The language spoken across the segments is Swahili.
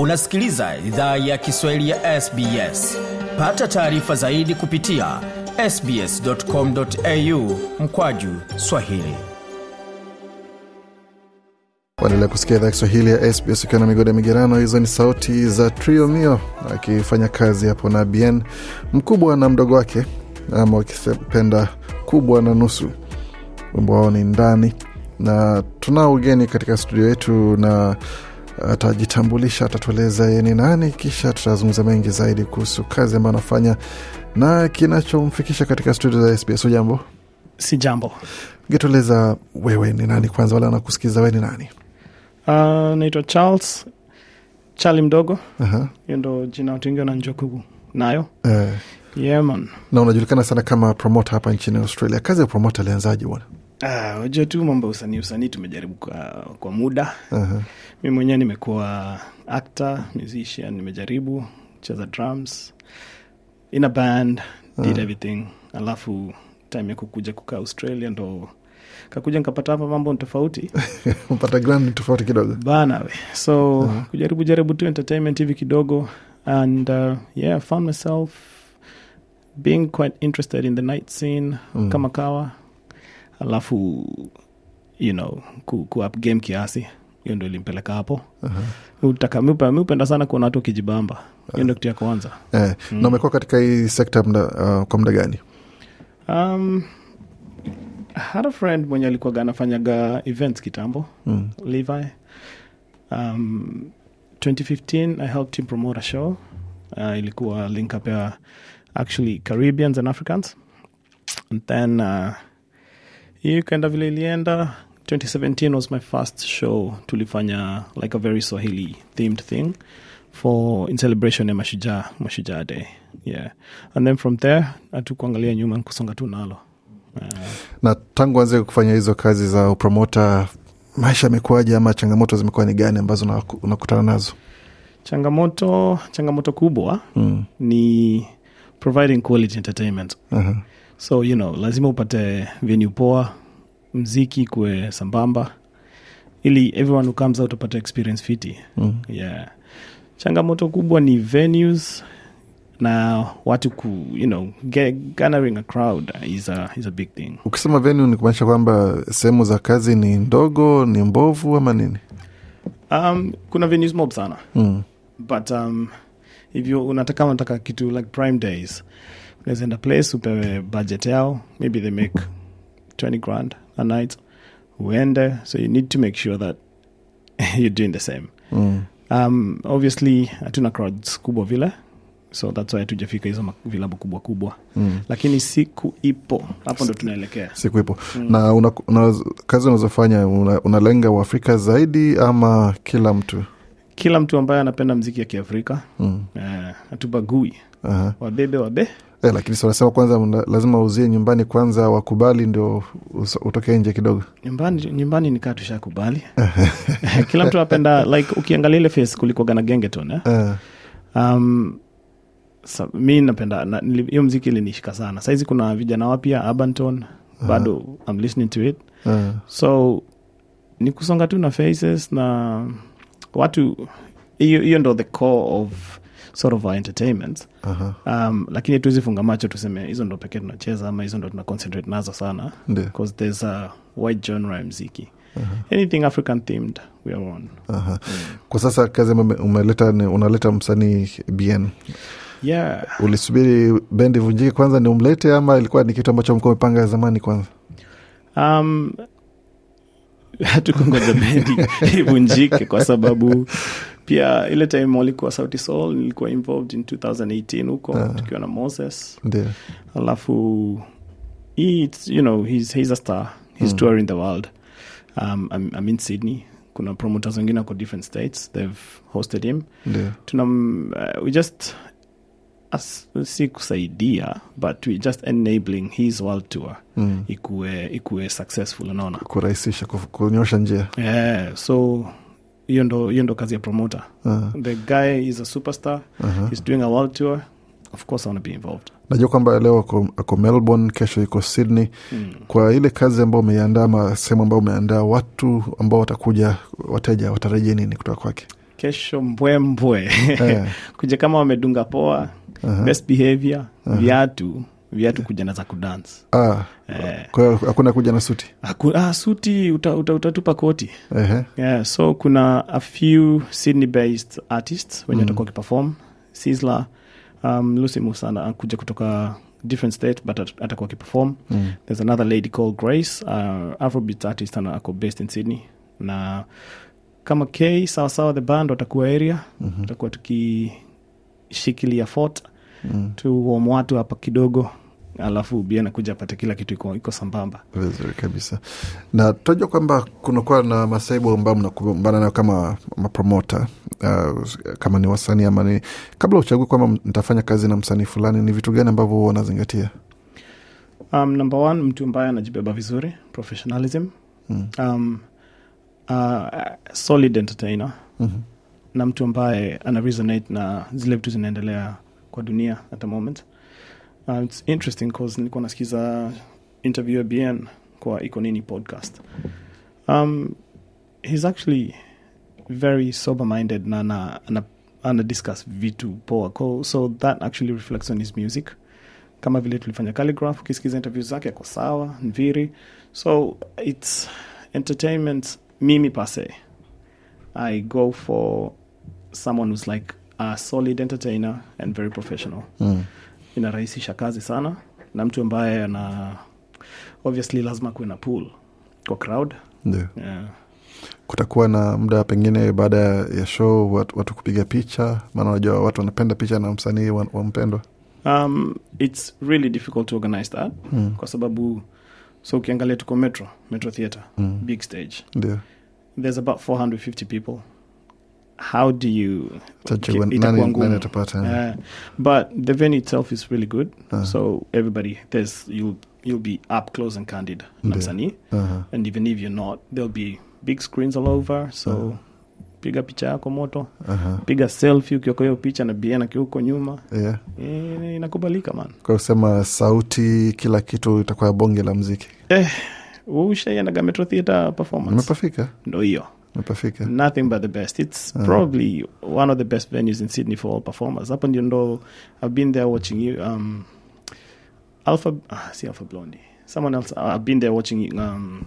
unasikiliza idhaa ya kiswahili ya sbs pata taarifa zaidi kupitia sbscomau mkwaju swahili waendelea kusikia idhaa kiswahili ya sbs ukiwa na migodo ya migerano hizo ni sauti za trio mio akifanya kazi hapo na bn mkubwa na mdogo wake ama wakipenda kubwa na nusu wimbo wao ni ndani na tunao ugeni katika studio yetu na atajitambulisha, atatueleza yeye ni nani, kisha tutazungumza mengi zaidi kuhusu kazi ambayo anafanya na kinachomfikisha katika studio za SBS. Ujambo? Si jambo. Ungetueleza wewe ni nani kwanza, wale wanakusikiliza, wewe ni nani? Uh, naitwa Charles Charli mdogo. Hiyo uh-huh. Ndo jina watu wengi wananijua kugu nayo eh. Yeah, man. Na unajulikana sana kama promota hapa nchini Australia. Kazi ya promota alianzaje bwana? Uh, unajua tu mambo ya usanii usanii tumejaribu kwa, kwa muda uh-huh mi mwenyewe nimekuwa actor musician nimejaribu cheza drums in a band uh. did mm. everything alafu time ya kukuja kukaa australia ndo kakuja nkapata hapa mambo tofauti pata grand tofauti kidogo banawe so uh-huh. kujaribu jaribu tu entertainment hivi kidogo and uh, yeah found myself being quite interested in the night scene mm. kama kawa alafu you know ku, ku up game kiasi hiyo ndo ilimpeleka hapo uh-huh. miupenda sana kuona watu wakijibamba hiyo huh ndo kitu ya kwanza uh-huh. mm. na umekuwa katika hii sekta mda, uh, kwa muda gani um, had friend mwenye alikuwaga anafanyaga events kitambo mm. levi um, 2015 i helped him promote a show uh, ilikuwa link up ya actually caribbeans and africans and then uh, hiyo ikaenda vile ilienda 2017 was my first show tulifanya like a very swahili themed thing for in celebration ya mashujaa mashujaa day yeah and then from there hatukuangalia nyuma kusonga tu nalo uh, na tangu anze kufanya hizo kazi za upromota maisha yamekuwaje ama changamoto zimekuwa ni gani ambazo unakutana nazo changamoto changamoto kubwa mm. ni providing quality entertainment uh-huh. so you know lazima upate venue poa mziki kuwe sambamba ili everyone who comes out upata experience fiti mm. yeah. changamoto kubwa ni venues na watu ku, you know, get, gathering a crowd is a, is a big thing ukisema venue ni kumaanisha kwamba sehemu za kazi ni ndogo ni mbovu ama nini um, kuna venues mob sana mm. but um, if you, unataka unataka kitu like prime days unawezaenda place upewe budget yao maybe they make 20 grand a night, uende. So you need to make sure that you're doing the same. Mm. Um, obviously hatuna crowds kubwa vile so thats why tujafika hizo vilabu kubwa kubwa mm. lakini siku ipo hapo ndo tunaelekea siku ipo mm. na una, una, kazi unazofanya unalenga una uafrika zaidi ama kila mtu kila mtu ambaye anapenda mziki ya kiafrika mm. uh, hatubagui uh -huh. wabebe wabe eh, lakini wanasema kwanza lazima uzie nyumbani kwanza wakubali ndio utokee nje kidogo nyumbani nyumbani nikaa tushakubali kila mtu apenda like ukiangalia ile face kulikuaga na gengeton eh? uh. um, So, mi napenda na, hiyo mziki ilinishika sana saizi kuna vijana wapya abanton bado uh -huh. I'm listening to it uh eh. -huh. so ni kusonga tu na faces na watu hiyo ndo the core of sort of our uh-huh. um, lakini tuwezi funga macho tuseme hizo ndo pekee tunacheza ama hizo ndo tuna concentrate nazo sana because there's a wide genre ya mziki Uh-huh. anything african themed we are on uh-huh. mm. kwa sasa kazi umeleta unaleta msanii bn yeah. ulisubiri bendi vunjike kwanza ni umlete ama ilikuwa ni kitu ambacho mko umepanga zamani kwanza um, hatukungoja bendi ivunjike kwa sababu pia ile time walikuwa sauti sol nilikuwa involved in 2018 huko uh, tukiwa na moses ndio alafu he, you know, he's, he's a star he's mm. touring the world um, I'm, I'm in sydney kuna promoters wengine ako different states they've hosted him yeah. tuna uh, we just as, si kusaidia but we just enabling his world tour mm. ikue ikue successful unaona kurahisisha kunyosha njia yeah, so hiyo ndo, hiyo ndo kazi ya promoter uh-huh. the guy is a superstar uh-huh. he's doing a world tour of course I want to be involved najua kwamba leo ako, ako melbourne kesho iko sydney mm. kwa ile kazi ambayo umeandaa ma sehemu ambayo umeandaa watu ambao watakuja wateja watarajia nini kutoka kwake kesho mbwembwe mbwe. yeah. kuja kama wamedunga poa mm uh-huh. best behavior uh-huh. viatu viatu kuja na za kudance ah. eh, hakuna kuja na suti ah, suti utatupa uta, uta koti uh-huh. yeah, so kuna a few sydney based artists wenye mm. watakuwa mm. wakiperform sisla um, lucy musana akuja kutoka different state but at, atakuwa akiperform mm. there's another lady called grace uh, afrobit artist ana ako based in sydney na kama k sawasawa the band watakuwa area mm-hmm. atakuwa tukishikilia fota mm. tuuomo watu hapa kidogo alafu bia nakuja apate kila kitu iko, iko sambamba vizuri kabisa. Na tunajua kwamba kunakuwa na masaibu ambayo mnakumbana nayo kama mapromota uh, kama ni wasanii ama ni kabla uchagui kwamba mtafanya kazi na msanii fulani, ni vitu gani ambavyo huwa wanazingatia? Um, number mtu ambaye anajibeba vizuri professionalism. Mm. Um, uh, solid entertainer. Mm -hmm. na mtu ambaye ana na zile vitu zinaendelea kwa dunia at the moment uh, it's interesting because nilikuwa nasikiza interview ya bn kwa iko nini podcast um, he's actually very sober minded na ana, ana, ana discuss vitu poa so that actually reflects on his music kama vile tulifanya calligraph ukisikiza interview zake ako sawa mviri so its entertainment mimi pase i go for someone who's like a solid entertainer and very professional mm. inarahisisha kazi sana na mtu ambaye ana obviously lazima kuwe na pool kwa crowd ndio yeah kutakuwa na muda pengine baada ya show watu, watu kupiga picha maana unajua watu wanapenda picha na msanii wampendwa wa um, its really difficult to organize that mm. kwa sababu so ukiangalia tuko metro metro theatre mm. big stage yeah. there's about 450 people how do you Tajua, but the venue itself is really good uh-huh. so everybody there's you you'll be up close and candid na uh-huh. and even if you're not there'll be big screens all over so uh-huh piga picha yako moto uh-huh. piga selfi ukioka hiyo picha na biena kiuko nyuma yeah. e, inakubalika man kwa kusema sauti kila kitu itakuwa bonge la mziki eh, ushaiendaga metro theatre performance umepafika ndo hiyo Napafika. Nothing but the best. It's uh-huh. probably one of the best venues in Sydney for all performers. Hapo ndio ndo I've been there watching you um, Alpha uh, see Alpha Blondie. Someone else uh, I've been there watching um,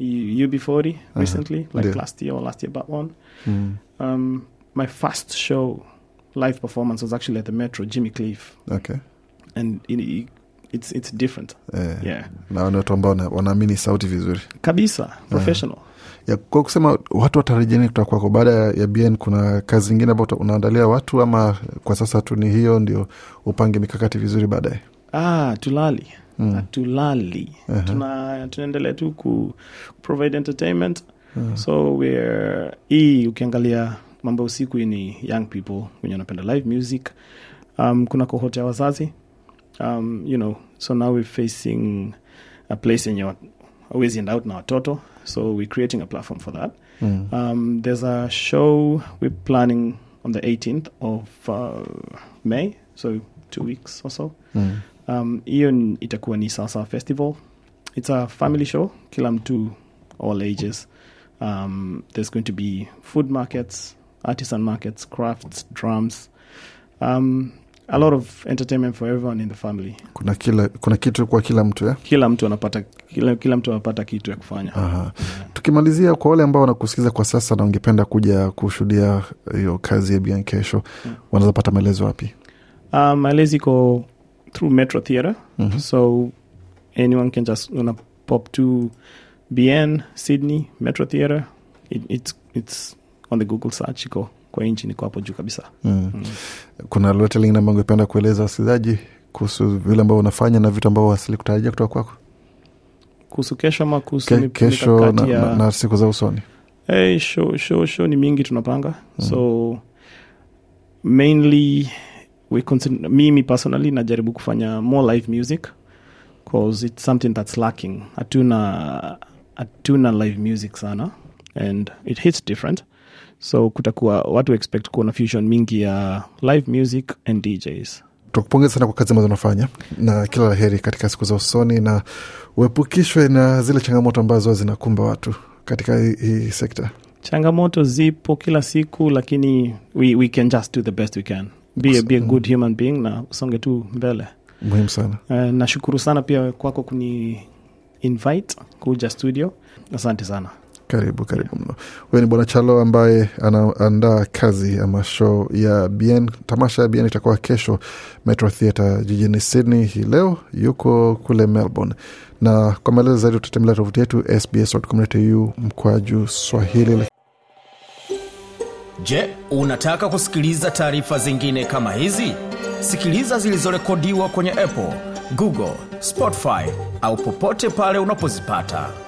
UB40 uh-huh. recently, uh-huh. like yeah. last year or last year but one. Mm. Um, my first show live performance was actually at the Metro Jimmy Cliff. Okay. And it, it, it's it's different. Eh, yeah. Na watu ambao wanaamini sauti vizuri. Kabisa, eh. professional. Uh-huh ya kwa kusema watu watarejeni kutoka kwako baada ya BN, kuna kazi ingine ambao unaandalia watu ama kwa sasa tu ni hiyo ndio upange mikakati vizuri baadaye? Ah, tulali mm. tulali uh -huh. Tuna, tunaendelea tu ku entertainment uh hmm. -huh. So we're hii ukiangalia mambo ya usiku ni young people wenye wanapenda live music um, kuna cohort ya wazazi um, you know, so now we're facing a place yenye always in out now Toto. So we're creating a platform for that. Mm. Um, there's a show we're planning on the 18th of uh, May, so two weeks or so. Mm. Um, itakuwa ni Salsa Festival. It's a family show, Kilam mtu, all ages. Um, there's going to be food markets, artisan markets, crafts, drums. Um, a lot of entertainment for everyone in the family. Kuna kila kuna kitu kwa kila mtu eh? Kila mtu anapata kila, kila mtu anapata kitu ya kufanya. Yeah. Tukimalizia kwa wale ambao wanakusikiza kwa sasa na ungependa kuja kushuhudia eh, hiyo kazi ya bian kesho, yeah. Mm. wanaweza pata maelezo wapi? uh, ah, maelezi iko through Metro Theatre. Mm -hmm. So anyone can just wanna pop to BN Sydney Metro Theatre. It, it's it's on the Google search iko kwa nchi niko hapo juu kabisa mm. Mm. kuna lolote lingine ambao ngependa kueleza wasikilizaji kuhusu vile ambavyo unafanya na vitu ambavyo asili kutarajia kutoka kwako kuhusu kesho ama kuhusu Ke, kesho na, ya... na, na siku za usoni hey, eh, show, show, show ni mingi tunapanga mm. so mainly we continue, mimi personally najaribu kufanya more live music cause it's something that's lacking hatuna hatuna live music sana and it hits different so kutakuwa watu expect kuona fusion mingi ya live music and djs tukupongeza sana kwa kazi ambazo unafanya na kila la heri katika siku za usoni na uepukishwe na zile changamoto ambazo zinakumba watu katika hii sekta changamoto zipo kila siku lakini we, we can just do the best we can be a, be a good human being na usonge tu mbele muhimu sana uh, nashukuru sana pia kwako kuni invite kuja studio asante sana karibu karibu mno. Huyo ni Bwana Chalo ambaye anaandaa kazi ama show ya bn Tamasha ya bn itakuwa kesho Metro Theatre jijini Sydney hii leo, yuko kule Melbourne na kwa maelezo zaidi utatembelea tovuti yetu sbs.com.au mkwaju Swahili. Je, unataka kusikiliza taarifa zingine kama hizi? Sikiliza zilizorekodiwa kwenye Apple, Google, Spotify au popote pale unapozipata.